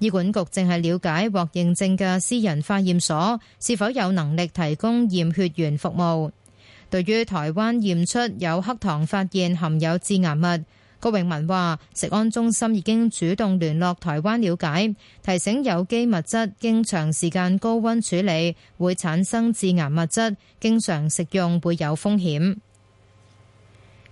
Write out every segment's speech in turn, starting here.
醫管局正係了解或認證嘅私人化驗所是否有能力提供驗血源服務。對於台灣驗出有黑糖發現含有致癌物，高榮文話：食安中心已經主動聯絡台灣了解，提醒有機物質經長時間高溫處理會產生致癌物質，經常食用會有風險。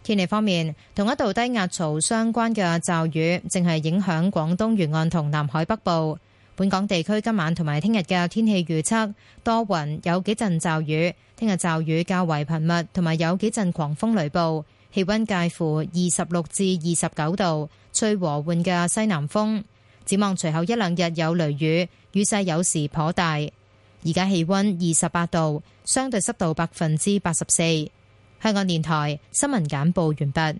天氣方面，同一度低壓槽相關嘅驟雨正係影響廣東沿岸同南海北部。本港地區今晚同埋聽日嘅天氣預測，多雲，有幾陣驟雨。聽日驟雨較為頻密，同埋有幾陣狂風雷暴。氣溫介乎二十六至二十九度，吹和緩嘅西南風。展望隨後一兩日有雷雨，雨勢有時頗大。而家氣溫二十八度，相對濕度百分之八十四。香港電台新聞簡報完畢。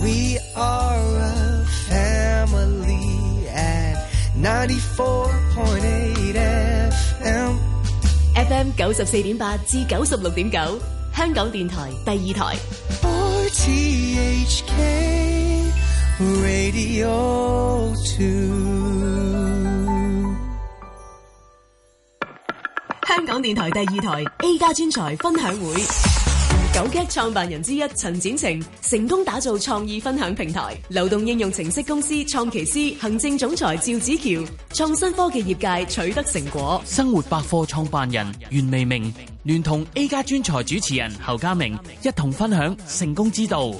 We are a family at 94.8 FM. FM 九十四點八至九十六點九， 香港電台第二台。RTHK Radio 2。香港電台第二台 A 加專才分享會。九 k 創辦人之一陳展程成功打造創意分享平台，流動應用程式公司創奇思行政總裁趙子喬創新科技業界取得成果，生活百貨創辦人袁利明聯同 A 加專才主持人侯嘉明一同分享成功之道。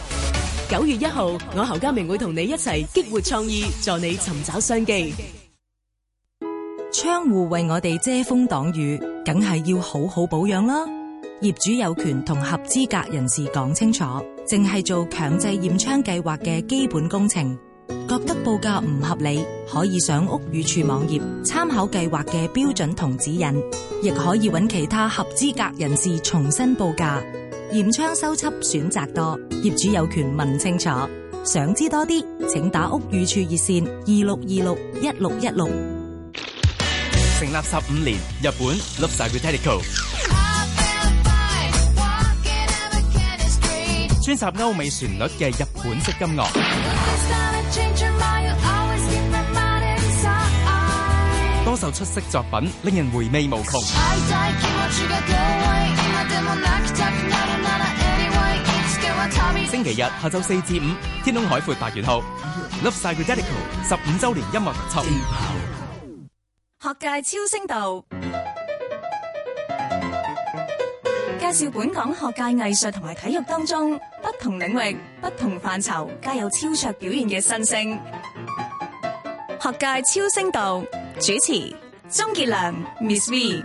九月一號，我侯嘉明會同你一齊激活創意，助你尋找商機。窗戶為我哋遮風擋雨，梗係要好好保養啦。業主有權同合資格人士講清楚，淨係做強制驗窗計劃嘅基本工程。覺得報價唔合理，可以上屋宇署網頁參考計劃嘅標準同指引，亦可以揾其他合資格人士重新報價。驗窗修葺選擇多，業主有權問清楚。想知多啲，請打屋宇署熱線二六二六一六一六。成立十五年，日本專輯歐美旋律嘅日本式音樂，多首出色作品令人回味無窮。星期日下晝四至五，天空海闊八月號《Love Psychedelico》十五週年音樂特輯，學界超聲道。介紹本港學界、藝術同埋體育當中不同領域、不同範疇皆有超卓表現嘅新星。學界超星度主持鍾傑良，Miss V。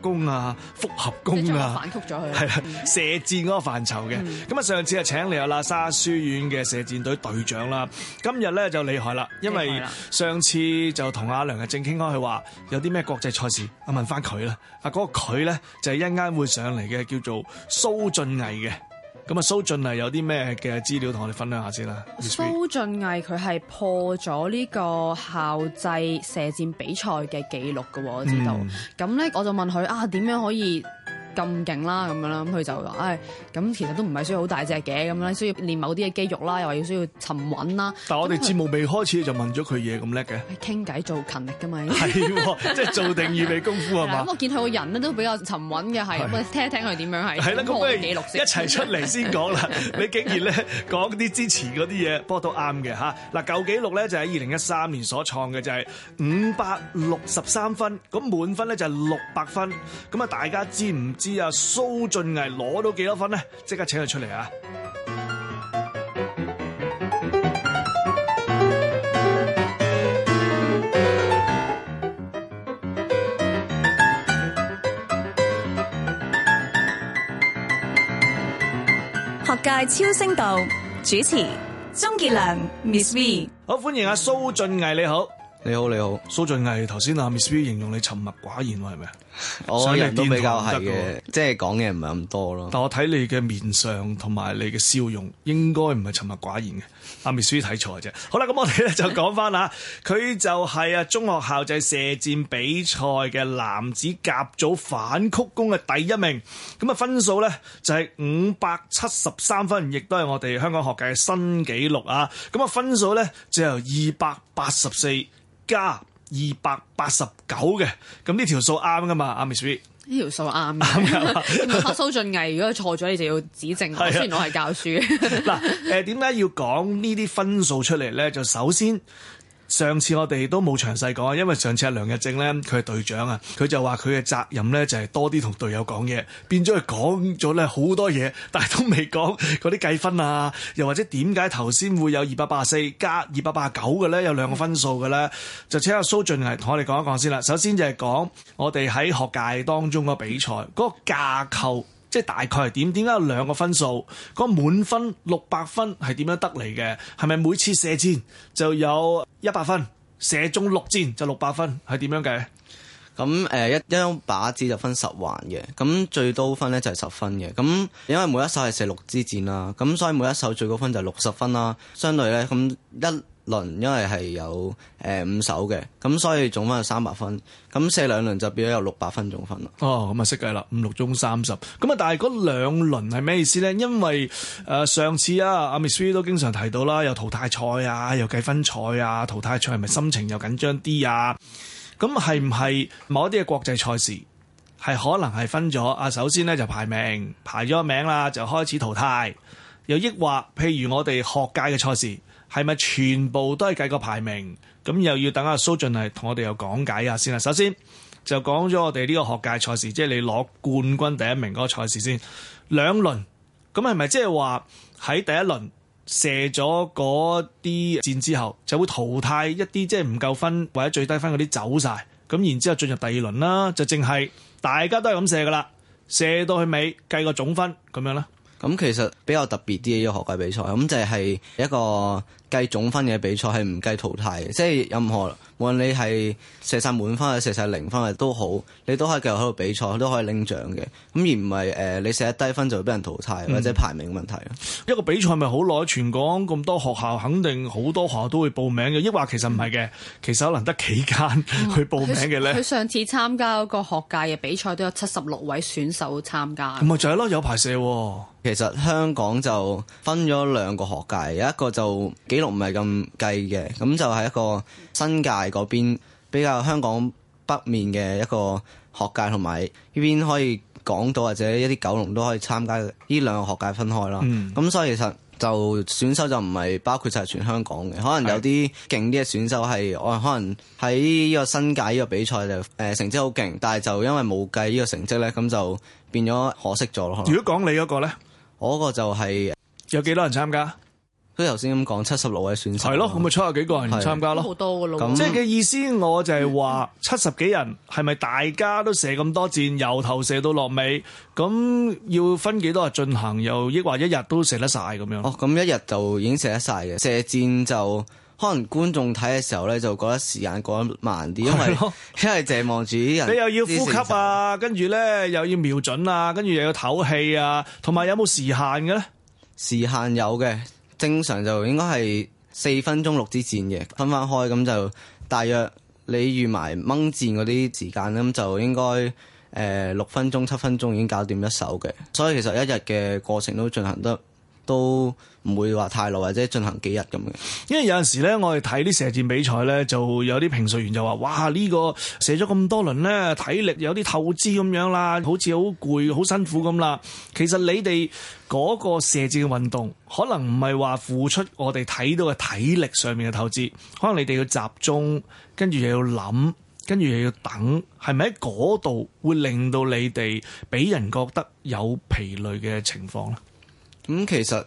弓啊，複合弓啊，反曲係啦， 射箭嗰個範疇嘅。咁啊、嗯，上次啊，請嚟阿喇沙書院嘅射箭隊隊長啦。今日咧就厲害啦，因為上次就同阿梁日正傾開，佢話有啲咩國際賽事，我問翻佢啦。啊、那個，嗰個佢咧就是、一間會，會上嚟嘅，叫做蘇駿藝嘅。咁啊，蘇駿藝有啲咩嘅資料同我哋分享下先啦。蘇駿藝佢係破咗呢個校際射箭比賽嘅記錄㗎喎，我知道。咁咧，我就問佢啊，點樣可以？咁勁啦咁樣啦，咁佢就話：唉，咁其實都唔係需要好大隻嘅咁樣，需要練某啲嘅肌肉啦，又話要需要沉穩啦。但係我哋節目未開始就問咗佢嘢咁叻嘅，傾偈做勤力㗎嘛。係即係做定預備功夫係嘛？咁我見佢個人咧都比較沉穩嘅，係。我哋聽一聽佢點樣係。係啦，咁不如一齊出嚟先講啦。你竟然咧講啲支持嗰啲嘢，不過都啱嘅嚇。嗱，舊記錄咧就喺二零一三年所創嘅就係五百六十三分，咁滿分咧就係六百分。咁啊大家知唔？知啊，蘇駿藝攞到幾多分咧？即刻請佢出嚟啊！學界超聲道主持鍾傑良 Miss Ms . V，好歡迎阿、啊、蘇駿藝，你好，你好，你好，蘇駿藝，頭先啊 Miss V 形容你沉默寡言，係咪啊？我人都比較係嘅，即係講嘅唔係咁多咯。但我睇你嘅面相同埋你嘅笑容，應該唔係沉默寡言嘅。阿秘書睇錯嘅啫。好啦，咁我哋咧就講翻啦，佢就係啊中學校際射箭比賽嘅男子甲組反曲弓嘅第一名。咁啊分數咧就係五百七十三分，亦都係我哋香港學界嘅新紀錄啊。咁啊分數咧就由二百八十四加。二百八十九嘅，咁呢條數啱噶嘛？阿 Miss V，呢條數啱啱啊！阿蘇駿藝， 如果錯咗， 你就要指正。 雖然我係教書。嗱， 誒點解要講呢啲分數出嚟咧？就首先。上次我哋都冇詳細講，因為上次阿梁日正咧，佢係隊長啊，佢就話佢嘅責任咧就係多啲同隊友講嘢，變咗佢講咗咧好多嘢，但係都未講嗰啲計分啊，又或者點解頭先會有二百八十四加二百八十九嘅咧，有兩個分數嘅咧，就請阿蘇駿藝同我哋講一講先啦。首先就係講我哋喺學界當中個比賽嗰個架構。即係大概係點？點解有兩個分數？嗰個滿分六百分係點樣得嚟嘅？係咪每次射箭就有一百分？射中六箭就六百分？係點樣計？咁誒、呃，一一張靶子就分十環嘅，咁最高分呢就係十分嘅。咁因為每一手係射六支箭啦、啊，咁所以每一手最高分就係六十分啦、啊。相對呢，咁一。輪因為係有誒、呃、五手嘅，咁所以總分有三百分，咁四兩輪就變咗有六百分總分啦。哦，咁啊，識計啦，五六中三十。咁啊，但係嗰兩輪係咩意思咧？因為誒、呃、上次啊，阿、啊、Ms V 都經常提到啦，有淘汰賽啊，又計分賽啊，淘汰賽係咪心情又緊張啲啊？咁係唔係某一啲嘅國際賽事係可能係分咗啊？首先咧就排名排咗名啦，就開始淘汰。又抑或譬如我哋學界嘅賽事。係咪全部都係計個排名？咁又要等阿蘇駿嚟同我哋又講解下先啦。首先就講咗我哋呢個學界賽事，即係你攞冠軍第一名嗰個賽事先。兩輪咁係咪即係話喺第一輪射咗嗰啲箭之後，就會淘汰一啲即係唔夠分或者最低分嗰啲走晒？咁然之後進入第二輪啦，就淨係大家都係咁射噶啦，射到去尾計個總分咁樣啦。咁其實比較特別啲嘅一個學界比賽，咁就係、是、一個計總分嘅比賽，係唔計淘汰嘅，即、就、係、是、任何。無論你係射晒滿分，或射晒零分都好，你都可以繼續喺度比賽，都可以拎獎嘅。咁而唔係誒，你射低分就會俾人淘汰，嗯，或者排名問題啊？一個比賽咪好耐，全港咁多學校肯定好多學校都會報名嘅，抑或其實唔係嘅，其實可能得幾間去報名嘅咧。佢，嗯，上次參加嗰個學界嘅比賽，都有七十六位選手參加。咪，嗯，就係咯，有排射。其實香港就分咗兩個學界，有一個就紀錄唔係咁計嘅，咁就係一個新界。嗰邊比較香港北面嘅一個學界，同埋呢邊可以港島或者一啲九龍都可以參加，呢兩個學界分開啦。咁、嗯、所以其實就選手就唔係包括就晒全香港嘅，可能有啲勁啲嘅選手係是的 可能可能喺呢個新界呢個比賽就誒成績好勁，但係就因為冇計呢個成績呢，咁就變咗可惜咗咯。如果講你嗰個呢，我嗰個就係、是、有幾多人參加？佢頭先咁講，七十六位選手係咯，咁咪剩下幾個人唔參加咯？好多噶咯。咁即係嘅意思，我就係話七十幾人，係咪大家都射咁多箭，由頭射到落尾？咁要分幾多日進行？又抑或一日都射得晒咁樣？哦，咁一日就已經射得晒嘅射箭就可能觀眾睇嘅時候咧，就覺得時間過得慢啲，的因為因為淨係望住啲人。你又要呼吸啊，跟住咧又要瞄準啊，跟住又要唞氣啊，同埋有冇時限嘅咧？時限有嘅。正常就應該係四分鐘六支箭嘅，分翻開咁，就大約你預埋掹箭嗰啲時間咁，就應該誒六分鐘七分鐘已經搞掂一手嘅，所以其實一日嘅過程都進行得。都唔會話太耐或者進行幾日咁嘅，因為有陣時咧，我哋睇啲射箭比賽咧，就有啲評述員就話：哇，呢個射咗咁多輪呢，體力有啲透支咁樣啦，好似好攰、好辛苦咁啦。其實你哋嗰個射箭嘅運動，可能唔係話付出我哋睇到嘅體力上面嘅透支，可能你哋要集中，跟住又要諗，跟住又要等，係咪喺嗰度會令到你哋俾人覺得有疲累嘅情況咧？咁其實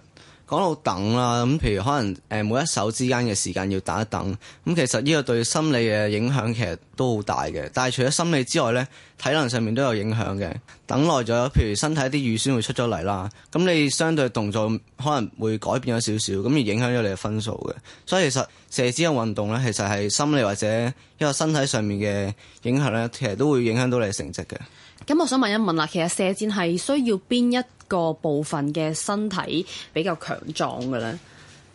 講到等啦，咁譬如，可能誒每一手之間嘅時間要等一等，咁其實呢個對心理嘅影響其實都好大嘅。但係除咗心理之外呢，體能上面都有影響嘅。等耐咗，譬如身體啲乳酸會出咗嚟啦，咁你相對動作可能會改變咗少少，咁而影響咗你嘅分數嘅。所以其實射箭嘅運動呢，其實係心理或者一個身體上面嘅影響呢，其實都會影響到你嘅成績嘅。咁我想問一問啦，其實射箭係需要邊一個部分嘅身體比較強壯嘅咧？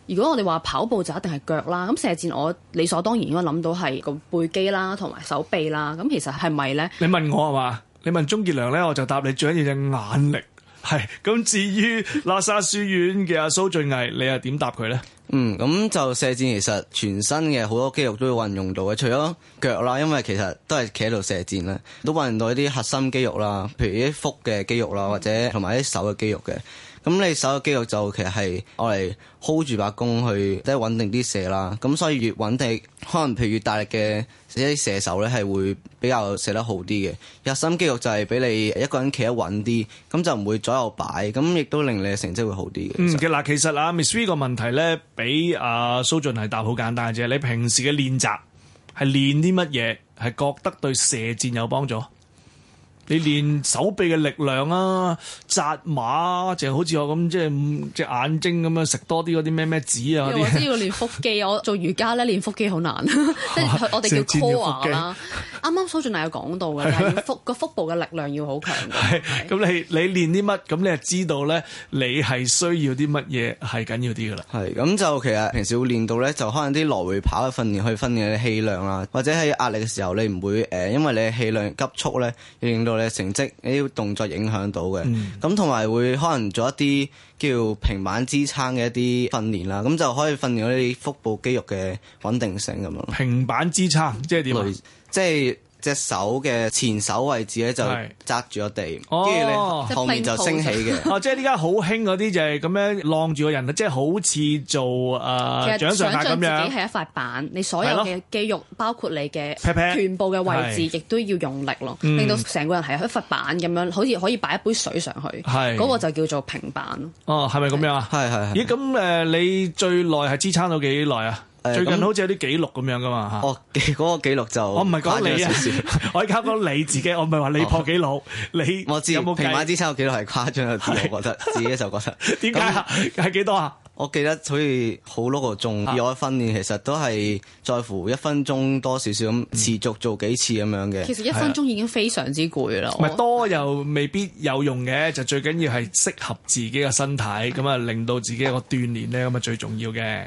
如果我哋話跑步就一定係腳啦，咁射箭我理所當然應該諗到係個背肌啦，同埋手臂啦。咁其實係咪咧？你問我係嘛？你問鍾傑良咧，我就答你最緊要隻眼力。係，咁至於喇沙書院嘅阿蘇駿藝，你又點答佢呢？嗯，咁就射箭其實全身嘅好多肌肉都要運用到嘅，除咗腳啦，因為其實都係企喺度射箭啦，都運用到一啲核心肌肉啦，譬如啲腹嘅肌肉啦，或者同埋啲手嘅肌肉嘅。咁你手嘅肌肉就其實係我嚟 hold 住把弓去，即係穩定啲射啦。咁所以越穩定，可能譬如越大力嘅一啲射手咧，係會比較射得好啲嘅。核心肌肉就係俾你一個人企得穩啲，咁就唔會左右擺，咁亦都令你嘅成績會好啲嘅。嗯，嘅嗱，其實、嗯、其實啊，Miss V 個問題咧，俾阿、啊、蘇駿係答好簡單嘅啫。你平時嘅練習練，係練啲乜嘢？係覺得對射箭有幫助？你練手臂嘅力量啊，紮馬、啊，就好似我咁，即係隻眼睛咁樣食多啲嗰啲咩咩紙啊嗰啲。我知要練腹肌， 我做瑜伽咧練腹肌好難， 啊、即係我哋叫 core 啦。啱啱蘇駿藝有講到嘅，腹個腹部嘅力量要好強咁嗎你你練啲乜？咁你就知道咧，你係需要啲乜嘢係緊要啲嘅啦。係咁就其實平時會練到咧，就可能啲來回跑嘅訓練去訓練你氣量啊，或者喺壓力嘅時候你唔會誒、呃，因為你氣量急促咧，要令到你嘅成績啲動作影響到嘅。咁同埋會可能做一啲叫平板支撐嘅一啲訓練啦，咁就可以訓練啲腹部肌肉嘅穩定性咁樣。平板支撐即係點啊？即係隻手嘅前手位置咧，就扎住個地，跟住你後面就升起嘅。哦，即係而家好興嗰啲就係咁樣晾住個人，即係好似做誒掌上壓咁樣。其實想像自己係一塊板，你所有嘅肌肉包括你嘅全部嘅位置，亦都要用力咯，令到成個人係一塊板咁樣，好似可以擺一杯水上去。係嗰個就叫做平板咯。哦，係咪咁樣啊？係係。咦，咁誒，你最耐係支撐到幾耐啊？最近好似有啲記錄咁樣噶嘛？哦，嗰個記錄就我唔係講你啊，我而家講你自己，我唔係話你破記錄，你有冇平板支撐有記錄係誇張一啲？我覺得自己就覺得，點解啊？係幾多啊？我記得所以好多個鐘，我訓練其實都係在乎一分鐘多少少咁，持續做幾次咁樣嘅。其實一分鐘已經非常之攰啦。唔係多又未必有用嘅，就最緊要係適合自己嘅身體，咁啊令到自己一個鍛煉咧，咁啊最重要嘅。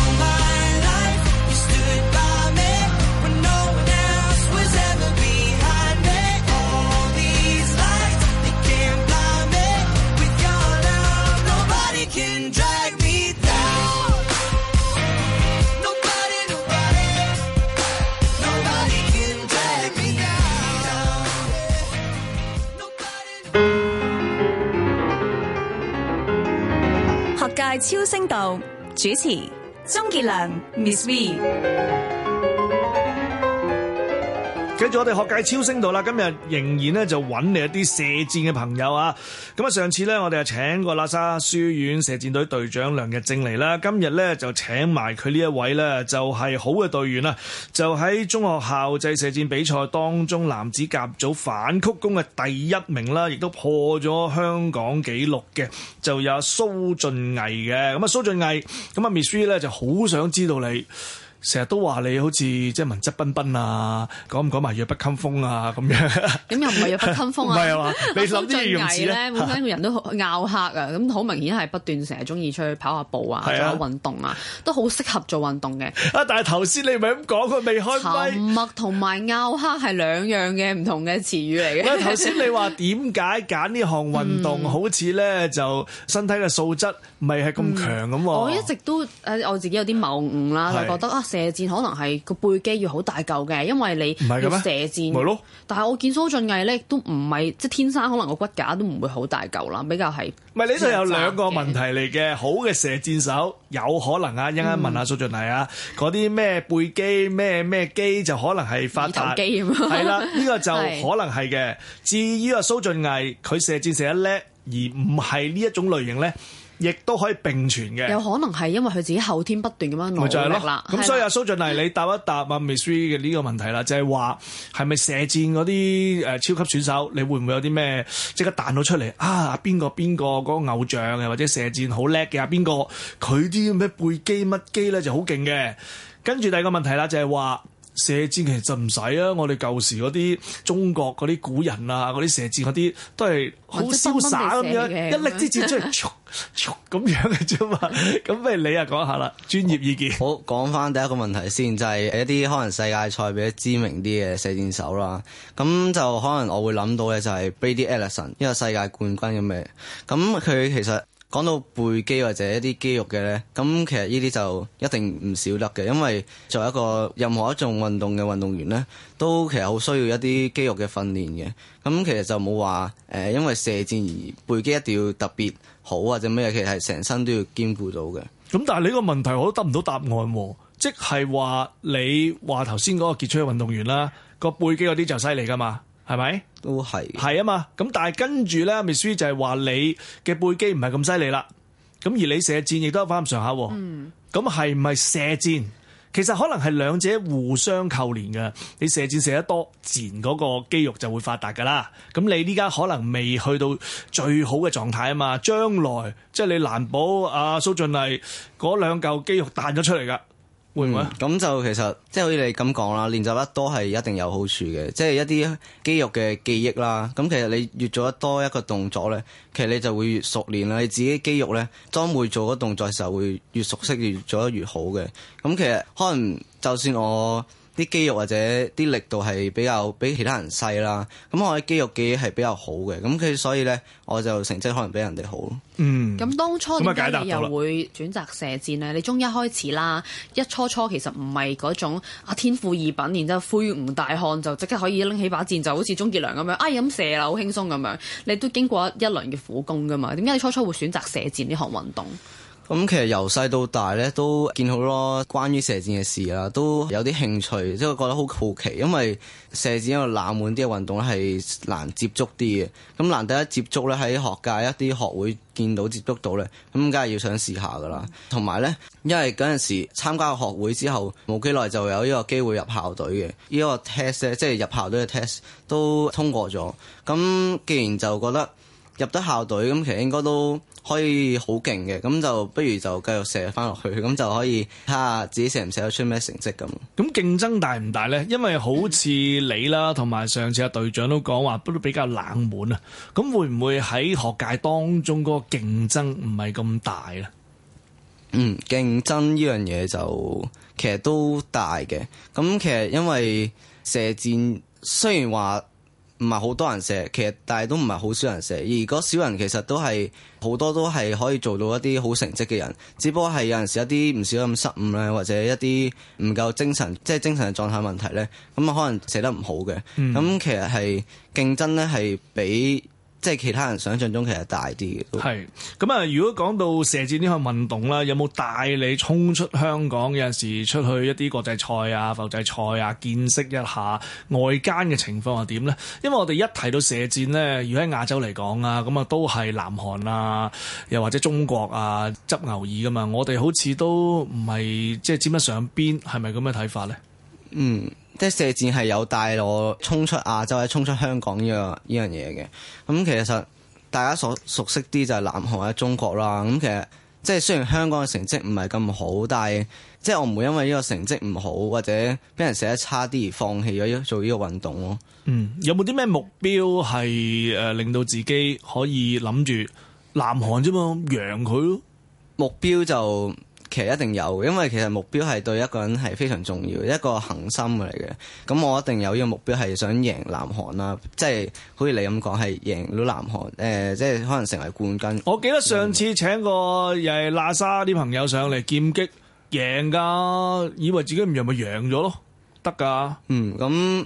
係超聲道，主持鍾傑良，Ms V。跟住我哋學界超聲度啦，今日仍然咧就揾你一啲射箭嘅朋友啊！咁啊，上次咧我哋啊請過喇沙書院射箭隊隊長梁日正嚟啦，今日咧就請埋佢呢一位咧，就係好嘅隊員啦，就喺中學校際射箭比賽當中男子甲組反曲弓嘅第一名啦，亦都破咗香港紀錄嘅，就有蘇駿藝嘅。咁啊，蘇駿藝，咁啊，Ms V 咧就好想知道你。成日都話你好似即係文質彬彬啊，講唔講埋弱不禁風啊咁樣？咁又唔係弱不禁風啊？唔係 啊 吧 你甚至如此咧， 本身個人都好拗黑啊，咁好明顯係不斷成日中意出去跑下步啊，啊做下運動啊，都好適合做運動嘅。啊！但係頭先你咪咁講，佢未開麥。沉默同埋拗黑係兩樣嘅唔同嘅詞語嚟嘅。頭 先你話點解揀呢項運動， 嗯、好似咧就身體嘅素質唔係係咁強咁喎、嗯？我一直都誒，我自己有啲謬誤啦，就覺得啊～是射箭可能係個背肌要好大嚿嘅，因為你要射箭，但係我見蘇駿藝咧都唔係即係天生，可能個骨架都唔會好大嚿啦，比較係。唔係你就有兩個問題嚟嘅，好嘅射箭手有可能啊，啱啱問阿蘇駿藝啊，嗰啲咩背肌咩咩肌就可能係發達，係頭啦呢、這個就可能係嘅。 是至於阿蘇駿藝佢射箭射得叻，而唔係呢一種類型咧。亦都可以並存嘅，有可能係因為佢自己後天不斷咁樣努力啦。咁 所以阿 蘇駿藝，你答一答阿 Ms V 嘅呢個問題啦，就係話係咪射箭嗰啲誒超級選手，你會唔會有啲咩即刻彈到出嚟啊？邊、邊個邊個嗰個偶像，嘅，或者射箭好叻嘅啊？邊個佢啲咩背肌乜肌咧就好勁嘅？跟住第二個問題啦，就係、係、話。射箭其實就唔使啊！我哋舊時嗰啲中國嗰啲古人啊，嗰啲射箭嗰啲都係好瀟灑咁樣，一,一力支箭 出嚟，咁樣嘅啫嘛。咁 不如你啊講下啦， 專業意見。好，講翻第一個問題先，就係、是、一啲可能世界賽比較知名啲嘅射箭手啦。咁就可能我會諗到嘅就係 Brady Ellison，一個世界冠軍咁嘅。咁佢其實～講到背肌或者一啲肌肉嘅呢，咁其實呢啲就一定唔少得嘅，因為作為一個任何一種運動嘅運動員呢，都其實好需要一啲肌肉嘅訓練嘅。咁其實就冇話誒，因為射箭而背肌一定要特別好或者咩，其實係成身都要兼顧到嘅。咁、嗯、但係你個問題我都得唔到答案喎、哦，即係話你話頭先嗰個傑出嘅運動員啦，個背肌嗰啲就犀利㗎嘛？係咪？都係，係啊嘛。咁但係跟住咧 Ms V 就係話你嘅背肌唔係咁犀利啦。咁而你射箭亦都有翻咁上下，咁係唔係射箭？其實可能係兩者互相扣連嘅。你射箭射得多，自然嗰個肌肉就會發達噶啦。咁你呢家可能未去到最好嘅狀態啊嘛。將來即係你難保阿蘇駿藝嗰兩嚿肌肉彈咗出嚟噶。會唔會？咁、嗯、就其實即係好似你咁講啦，練習得多係一定有好處嘅，即係一啲肌肉嘅記憶啦。咁其實你越做得多一個動作咧，其實你就會越熟練啦。你自己肌肉咧，當每做嗰動作嘅時候，會越熟悉，越做得越好嘅。咁其實可能就算我啲肌肉或者啲力度係比較比其他人細啦，咁我嘅肌肉記憶係比較好嘅，咁佢所以呢，我就成績可能比人哋好。嗯，咁當初點解你又會選擇射箭呢？你中一開始啦，一初初其實唔係嗰種啊天賦異稟，然之後魁梧大漢就即刻可以拎起把箭，就好似鍾傑良咁樣，哎咁射啦，好輕鬆咁樣。你都經過一輪嘅苦功噶嘛？點解你初初會選擇射箭呢項運動？咁其實由細到大咧，都見好多關於射箭嘅事喇，都有啲興趣，即係覺得好好奇，因為射箭一個冷門啲嘅運動咧，係難接觸啲嘅。咁難得一接觸咧，喺學界一啲學會見到接觸到咧，咁梗係要想試下噶啦。同埋咧，因為嗰陣時參加學會之後冇幾耐，就有呢個機會入校隊嘅。呢個 test 即係入校隊嘅 test 都通過咗。咁既然就覺得入得校隊，咁其實應該都可以好勁嘅，咁就不如就繼續射翻落去，咁就可以睇下自己射唔射得出咩成績咁。咁競爭大唔大呢？因為好似你啦，同埋上次阿隊長都講話都比較冷門啊。咁會唔會喺學界當中嗰個競爭唔係咁大呢？嗯，競爭呢樣嘢就其實都大嘅。咁其實因為射箭雖然話。唔係好多人射，其實但係都唔係好少人射。而嗰少人其實都係好多都係可以做到一啲好成績嘅人，只不過係有陣時一啲唔少咁失誤咧，或者一啲唔夠精神，即係精神嘅狀態問題咧，咁啊可能射得唔好嘅。咁其實係競爭咧係比。即係其他人想象中其實大啲嘅都係咁啊！如果講到射箭呢項運動啦，有冇帶你衝出香港？有陣時出去一啲國際賽啊、浮際賽啊，見識一下外間嘅情況係點咧？因為我哋一提到射箭咧，如果喺亞洲嚟講啊，咁啊都係南韓啊，又或者中國啊執牛耳噶嘛，我哋好似都唔係即係沾得上邊，係咪咁嘅睇法咧？嗯。即係射箭係有帶我衝出亞洲，或者衝出香港呢樣呢樣嘢嘅。咁其實大家所熟悉啲就係南韓或者中國啦。咁其實即係雖然香港嘅成績唔係咁好，但係即係我唔會因為呢個成績唔好或者俾人射得差啲而放棄咗做呢個運動咯。嗯，有冇啲咩目標係誒令到自己可以諗住南韓啫嘛，揚佢咯，目標就。其實一定有，因為其實目標係對一個人係非常重要，一個恒心嚟嘅。咁我一定有呢個目標贏，係想贏南韓啦，即係好似你咁講，係贏到南韓，誒，即係可能成為冠軍。我記得上次請過又係喇沙啲朋友上嚟劍擊贏噶，以為自己唔贏咪贏咗咯，得噶。嗯，咁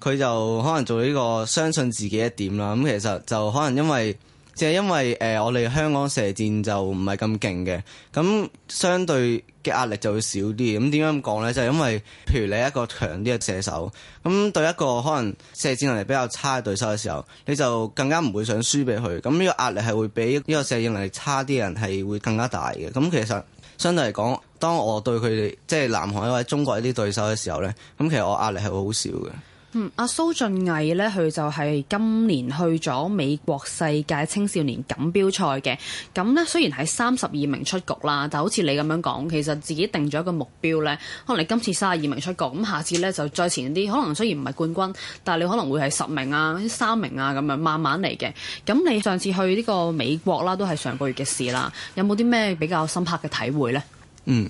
佢就可能做呢個相信自己一點啦。咁其實就可能因為。就係因為誒、呃，我哋香港射箭就唔係咁勁嘅，咁相對嘅壓力就會少啲。咁點樣咁講呢？就係、是、因為譬如你一個強啲嘅射手，咁對一個可能射箭能力比較差嘅對手嘅時候，你就更加唔會想輸俾佢。咁呢個壓力係會比呢個射箭能力差啲人係會更加大嘅。咁其實相對嚟講，當我對佢哋即係南韓或者中國一啲對手嘅時候呢，咁其實我壓力係會好少嘅。嗯，阿蘇駿藝咧，佢就係今年去咗美國世界青少年錦標賽嘅，咁咧雖然係三十二名出局啦，但好似你咁樣講，其實自己定咗一個目標咧，可能你今次三十二名出局，咁下次咧就再前啲，可能雖然唔係冠軍，但係你可能會係十名啊、三名啊咁樣慢慢嚟嘅。咁你上次去呢個美國啦，都係上個月嘅事啦，有冇啲咩比較深刻嘅體會呢？嗯，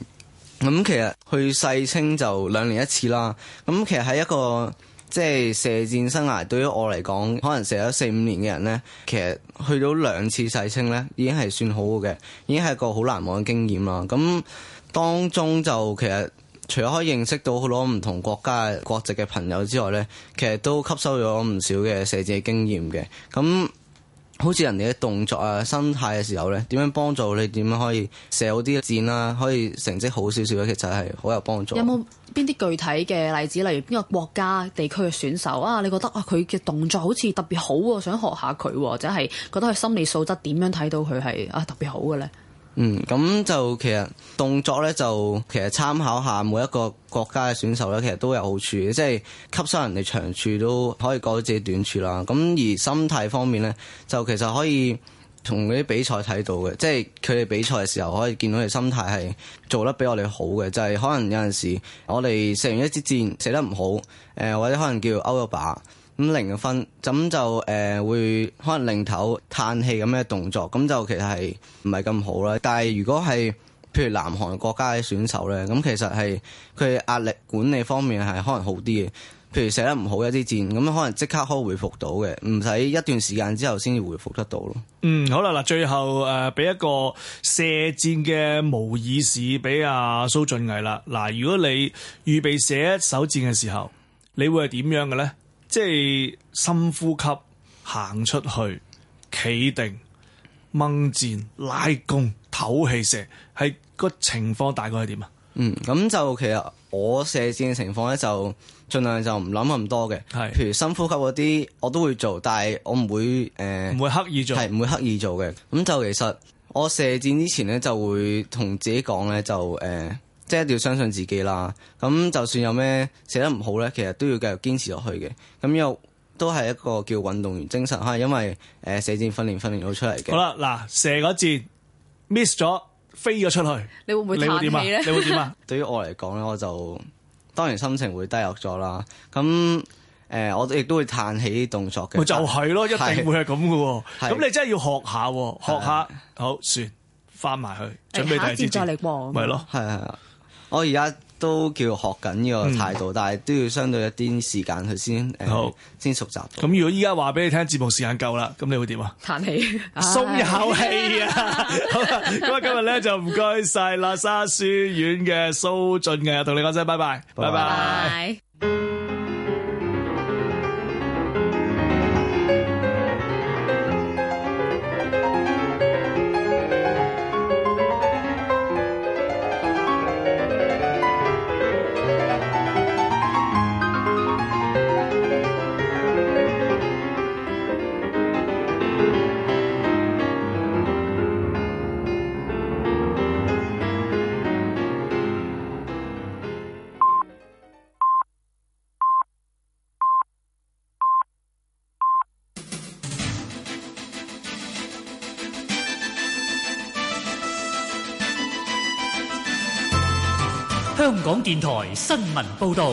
咁其實去世青就兩年一次啦，咁其實係一個。即係射箭生涯對於我嚟講，可能射咗四五年嘅人呢，其實去到兩次世青呢已經係算好嘅，已經係一個好難忘嘅經驗啦。咁當中就其實除咗可以認識到好多唔同國家嘅國籍嘅朋友之外呢，其實都吸收咗唔少嘅射箭嘅經驗嘅。咁好似人哋嘅動作啊、心態嘅時候咧，點樣幫助你點樣可以射好啲箭啦？可以成績好少少咧，其實係好有幫助。有冇邊啲具體嘅例子？例如邊個國家、地區嘅選手啊？你覺得啊，佢嘅動作好似特別好喎，想學下佢，或者係覺得佢心理素質點樣睇到佢係啊特別好嘅咧？嗯，咁就其實動作咧，就其實參考下每一個國家嘅選手咧，其實都有好處嘅，即係吸收人哋長處，都可以過到自己短處啦。咁而心態方面咧，就其實可以同嗰啲比賽睇到嘅，即係佢哋比賽嘅時候可以見到佢心態係做得比我哋好嘅，就係、是、可能有陣時我哋射完一支箭射得唔好，誒、呃、或者可能叫歐咗把。咁零嘅分，咁就誒會可能擰頭嘆氣咁嘅動作，咁就其實係唔係咁好啦。但係如果係譬如南韓國家嘅選手咧，咁其實係佢壓力管理方面係可能好啲嘅。譬如射得唔好一啲箭，咁可能即刻可以回復到嘅，唔使一段時間之後先回復得到咯。嗯，好啦，嗱，最後誒俾、呃、一個射箭嘅模擬試俾阿蘇駿藝啦。嗱，如果你預備射首箭嘅時候，你會係點樣嘅咧？嗯即係深呼吸，行出去，企定，掹箭，拉弓，唞氣射，係、那個情況大概係點啊？嗯，咁就其實我射箭嘅情況咧，就盡量就唔諗咁多嘅。係是，譬如深呼吸嗰啲，我都會做，但係我唔會誒，唔、呃、會刻意做，係唔會刻意做嘅。咁就其實我射箭之前咧，就會同自己講咧，就誒。呃即係一定要相信自己啦。咁就算有咩寫得唔好咧，其實都要繼續堅持落去嘅。咁又都係一個叫運動員精神吓，因為誒射箭訓練訓練到出嚟嘅。好啦，嗱射個箭 miss 咗，飛咗出去，你會唔會點啊？你會點啊？對於我嚟講咧，我就當然心情會低落咗啦。咁誒，我亦都會嘆氣動作嘅。就係咯，一定會係咁噶喎。咁你真係要學下，學下好，算翻埋去，準備第二支箭。咪咯，係係係。我而家都叫學緊呢個態度，嗯、但係都要相對一啲時間去先好，先、嗯、熟習。咁如果依家話俾你聽，節目時間夠啦，咁你會點啊？嘆氣，鬆一口氣啊！ 好啦，咁啊今日咧就唔該晒啦，沙書院嘅蘇、so、駿藝，同你講聲，拜拜，拜拜 bye。Bye bye 新聞報道。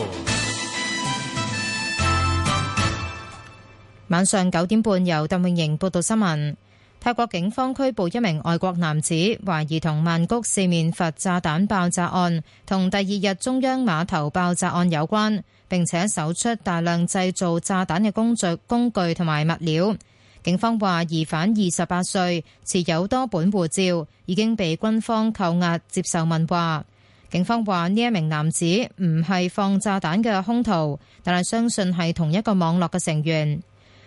晚上九點半，由鄧永盈報道新聞。泰國警方拘捕一名外國男子，懷疑同曼谷四面佛炸彈爆炸案同第二日中央碼頭爆炸案有關，並且搜出大量製造炸彈嘅工具、工具同埋物料。警方話疑犯二十八歲，持有多本護照，已經被軍方扣押，接受問話。警方話呢一名男子唔係放炸彈嘅兇徒，但係相信係同一個網絡嘅成員。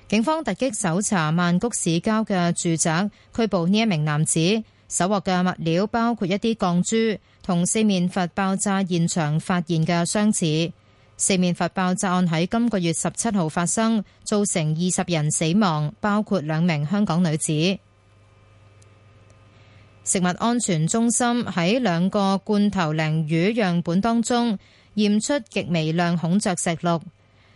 警方突擊搜查曼谷市郊嘅住宅，拘捕呢一名男子，搜獲嘅物料包括一啲鋼珠，同四面佛爆炸現場發現嘅相似。四面佛爆炸案喺今個月十七號發生，造成二十人死亡，包括兩名香港女子。食物安全中心喺兩個罐頭鯪魚樣本當中驗出極微量孔雀石綠。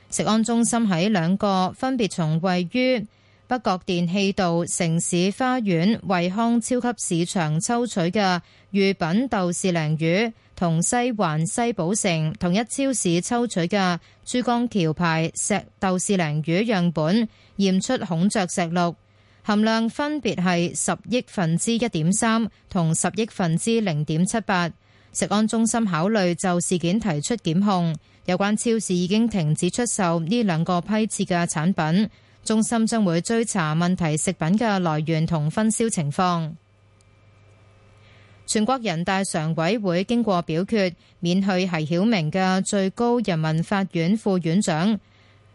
食安中心喺兩個分別從位於北角電氣道城市花園惠康超級市場抽取嘅御品豆豉鯪魚同西環西寶城同一超市抽取嘅珠江橋牌石豆豉鯪魚樣本驗出孔雀石綠。含量分別係十億分之一點三同十億分之零點七八。食安中心考慮就事件提出檢控，有關超市已經停止出售呢兩個批次嘅產品。中心將會追查問題食品嘅來源同分銷情況。全國人大常委會經過表決，免去奚曉明嘅最高人民法院副院長。